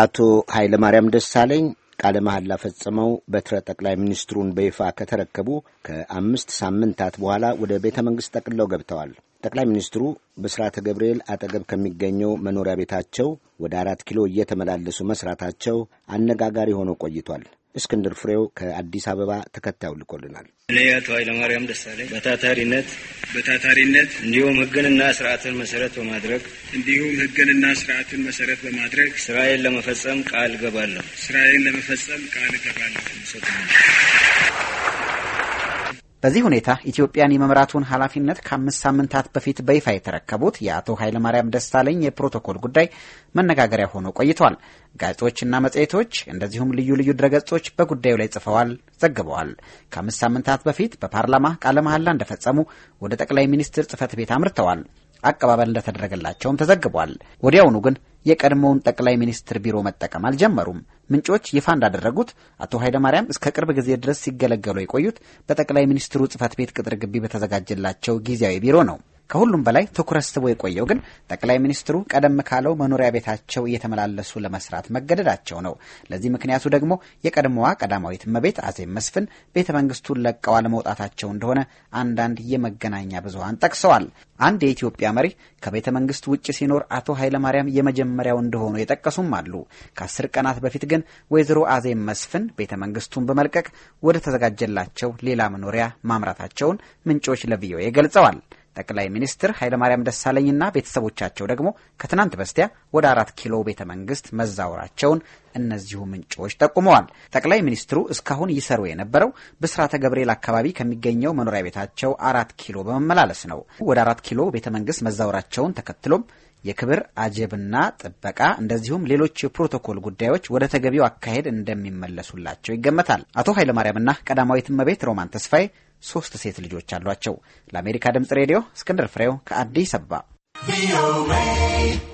አቶ ኃይለማርያም ደሳለኝ ቃለ መሐላ ፈጽመው በትረ ጠቅላይ ሚኒስትሩን በይፋ ከተረከቡ ከአምስት ሳምንታት በኋላ ወደ ቤተ መንግሥት ጠቅለው ገብተዋል። ጠቅላይ ሚኒስትሩ ብስራተ ገብርኤል አጠገብ ከሚገኘው መኖሪያ ቤታቸው ወደ አራት ኪሎ እየተመላለሱ መስራታቸው አነጋጋሪ ሆኖ ቆይቷል። እስክንድር ፍሬው ከአዲስ አበባ ተከታዩ ልኮልናል። እኔ አቶ ኃይለማርያም ደሳለኝ በታታሪነት በታታሪነት እንዲሁም ህግንና ስርዓትን መሰረት በማድረግ እንዲሁም ህግንና ስርዓትን መሰረት በማድረግ ስራዬን ለመፈጸም ቃል እገባለሁ ስራዬን ለመፈጸም ቃል እገባለሁ። በዚህ ሁኔታ ኢትዮጵያን የመምራቱን ኃላፊነት ከአምስት ሳምንታት በፊት በይፋ የተረከቡት የአቶ ኃይለማርያም ደሳለኝ የፕሮቶኮል ጉዳይ መነጋገሪያ ሆኖ ቆይቷል። ጋዜጦችና መጽሔቶች እንደዚሁም ልዩ ልዩ ድረገጾች በጉዳዩ ላይ ጽፈዋል፣ ዘግበዋል። ከአምስት ሳምንታት በፊት በፓርላማ ቃለ መሐላ እንደፈጸሙ ወደ ጠቅላይ ሚኒስትር ጽህፈት ቤት አምርተዋል። አቀባበል እንደተደረገላቸውም ተዘግቧል። ወዲያውኑ ግን የቀድሞውን ጠቅላይ ሚኒስትር ቢሮ መጠቀም አልጀመሩም። ምንጮች ይፋ እንዳደረጉት አቶ ኃይለማርያም እስከ ቅርብ ጊዜ ድረስ ሲገለገሉ የቆዩት በጠቅላይ ሚኒስትሩ ጽህፈት ቤት ቅጥር ግቢ በተዘጋጀላቸው ጊዜያዊ ቢሮ ነው። ከሁሉም በላይ ትኩረት ስቦ የቆየው ግን ጠቅላይ ሚኒስትሩ ቀደም ካለው መኖሪያ ቤታቸው እየተመላለሱ ለመስራት መገደዳቸው ነው። ለዚህ ምክንያቱ ደግሞ የቀድሞዋ ቀዳማዊት እመቤት አዜብ መስፍን ቤተ መንግስቱን ለቀው አለመውጣታቸው እንደሆነ አንዳንድ የመገናኛ ብዙሀን ጠቅሰዋል። አንድ የኢትዮጵያ መሪ ከቤተ መንግስት ውጭ ሲኖር አቶ ኃይለማርያም የመጀመሪያው እንደሆኑ የጠቀሱም አሉ። ከአስር ቀናት በፊት ግን ወይዘሮ አዜብ መስፍን ቤተ መንግስቱን በመልቀቅ ወደ ተዘጋጀላቸው ሌላ መኖሪያ ማምራታቸውን ምንጮች ለቪኦኤ ገልጸዋል። ጠቅላይ ሚኒስትር ኃይለማርያም ደሳለኝና ቤተሰቦቻቸው ደግሞ ከትናንት በስቲያ ወደ አራት ኪሎ ቤተ መንግስት መዛወራቸውን እነዚሁ ምንጮች ጠቁመዋል። ጠቅላይ ሚኒስትሩ እስካሁን ይሰሩ የነበረው ብስራተ ገብርኤል አካባቢ ከሚገኘው መኖሪያ ቤታቸው አራት ኪሎ በመመላለስ ነው። ወደ አራት ኪሎ ቤተ መንግስት መዛወራቸውን ተከትሎም የክብር አጀብና ጥበቃ እንደዚሁም ሌሎች የፕሮቶኮል ጉዳዮች ወደ ተገቢው አካሄድ እንደሚመለሱላቸው ይገመታል። አቶ ኃይለማርያምና ቀዳማዊት እመቤት ሮማን ተስፋዬ ሶስት ሴት ልጆች አሏቸው። ለአሜሪካ ድምጽ ሬዲዮ እስክንድር ፍሬው ከአዲስ አበባ